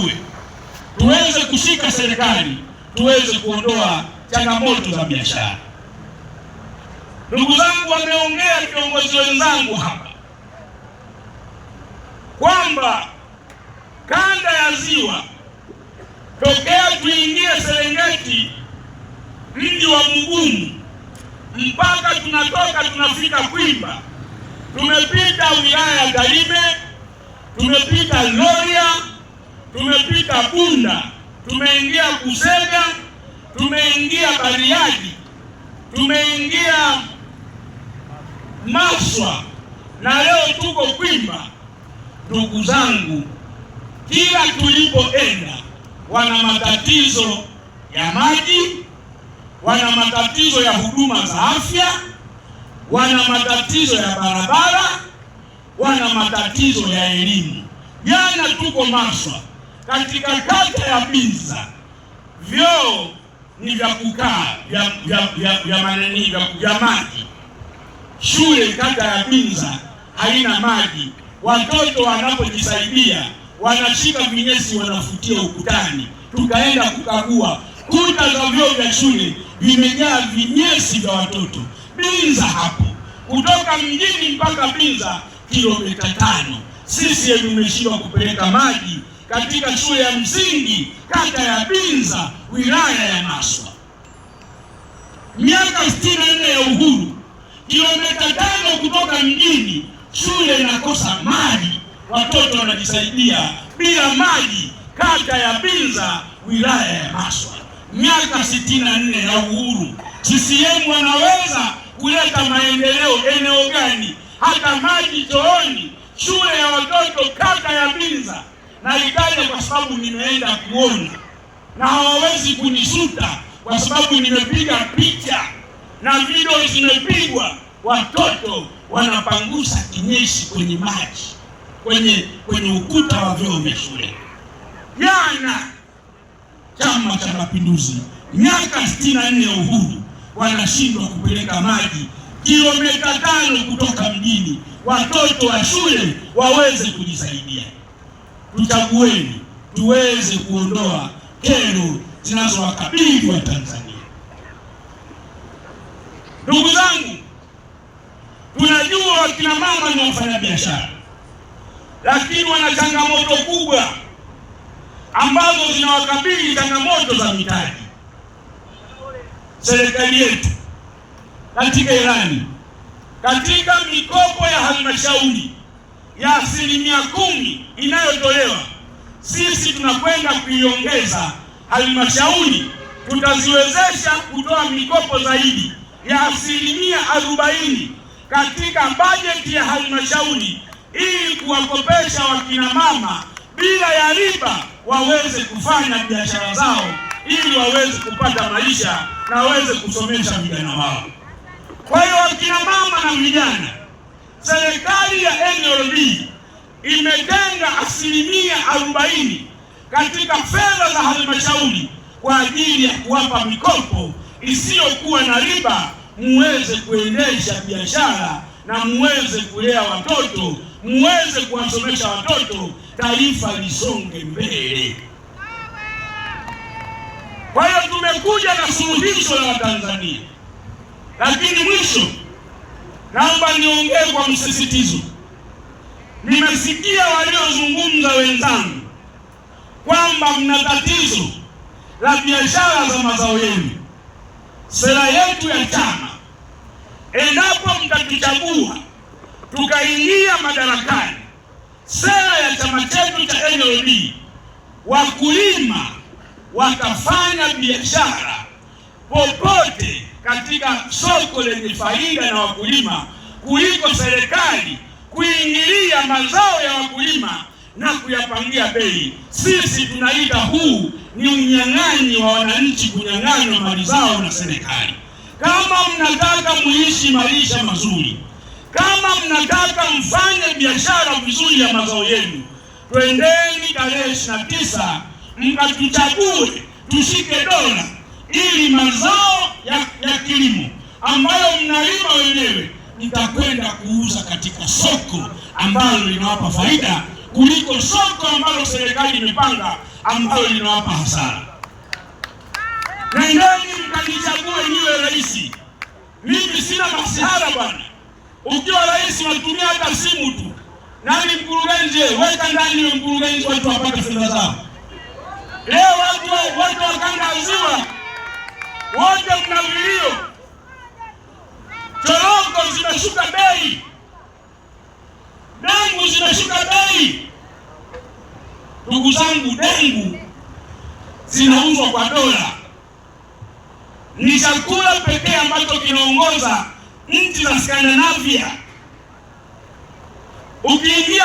tuchague, tuweze kushika serikali, tuweze kuondoa changamoto za biashara. Ndugu zangu, wameongea viongozi wenzangu hapa kwamba kanda ya ziwa tokea tuingie Serengeti mji wa Mugumu mpaka tunatoka tunafika Kwimba, tumepita wilaya ya Tarime, tumepita Loria tumepita Bunda, tumeingia Busega, tumeingia Bariadi, tumeingia Maswa na leo tuko Kwimba. Ndugu zangu, kila tulipoenda wana matatizo ya maji, wana matatizo ya huduma za afya, wana matatizo ya barabara, wana matatizo ya elimu. Jana tuko Maswa katika kata ya Mbinza vyoo ni vya kukaa vya vya manani vya maji. Shule kata ya Mbinza haina maji, watoto wanapojisaidia wanashika vinyesi wanafutia ukutani. Tukaenda kukagua kuta za vyoo vya shule vimejaa vinyesi vya watoto. Mbinza hapo kutoka mjini mpaka Mbinza kilomita tano. Sisi tumeshindwa kupeleka maji katika shule ya msingi kata ya Binza wilaya ya Maswa. Miaka 64 ya uhuru, kilomita tano kutoka mjini shule inakosa maji, watoto wanajisaidia bila maji, kata ya Binza wilaya ya Maswa. Miaka 64 ya uhuru, CCM wanaweza kuleta maendeleo eneo gani? Hata maji chooni, shule ya watoto kata ya Binza Nalitaja kwa sababu nimeenda kuona, na hawawezi kunishuta kwa sababu nimepiga picha na video zimepigwa. Watoto wanapangusa kinyesi kwenye maji, kwenye kwenye ukuta wa vyoo vya shule. Jana Chama cha Mapinduzi, miaka 64 ya uhuru, wanashindwa kupeleka maji kilomita tano kutoka mjini, watoto wa shule waweze kujisaidia tuchagueni tuweze kuondoa kero zinazowakabili wa Tanzania. Ndugu zangu, tunajua wakina mama ni wafanyabiashara, lakini wana changamoto kubwa ambazo zinawakabili, changamoto za mitaji. Serikali yetu katika ilani, katika mikopo ya halmashauri ya asilimia kumi inayotolewa sisi tunakwenda kuiongeza halmashauri, tutaziwezesha kutoa mikopo zaidi ya asilimia arobaini katika bajeti ya halmashauri ili kuwakopesha wakina mama bila ya riba waweze kufanya biashara zao ili waweze kupata maisha na waweze kusomesha vijana wao. Kwa hiyo wakina mama na vijana serikali ya NLD imetenga asilimia arobaini katika fedha za halmashauri kwa ajili ya kuwapa mikopo isiyokuwa na riba, muweze kuendesha biashara na muweze kulea watoto, muweze kuwasomesha watoto, taifa lisonge mbele. Kwa hiyo tumekuja na suluhisho la Watanzania, lakini mwisho Naomba niongee kwa msisitizo. Nimesikia waliozungumza wenzangu kwamba mna tatizo la biashara za mazao yenu. Sera yetu ya chama, endapo mtatuchagua tukaingia madarakani, sera ya chama chetu cha NLD, wakulima watafanya biashara popote katika soko lenye faida na wakulima kuliko serikali kuingilia mazao ya wakulima na kuyapangia bei. Sisi tunaita huu ni unyang'anyi wa wananchi, kunyang'anywa mali zao na serikali. Kama mnataka muishi maisha mazuri, kama mnataka mfanye biashara vizuri ya mazao yenu, twendeni tarehe ishirini na tisa mkatuchague tushike dola ili mazao ya, ya kilimo ambayo mnalima wenyewe mtakwenda kuuza katika soko ambalo linawapa faida kuliko soko ambalo serikali imepanga ambalo linawapa hasara. Nendeni mkanichague niwe rais. Mimi sina masihara bwana. Ukiwa rais unatumia hata simu tu. Nani mkurugenzi? Weka ndani ya mkurugenzi, watu wapate fedha zao. Leo watu watu wakanda ziwa wote mna vilio, choroko zinashuka bei, dengu zinashuka bei. Ndugu zangu, dengu zinauzwa kwa dola. Ni chakula pekee ambacho kinaongoza nchi za Skandinavia. Ukiingia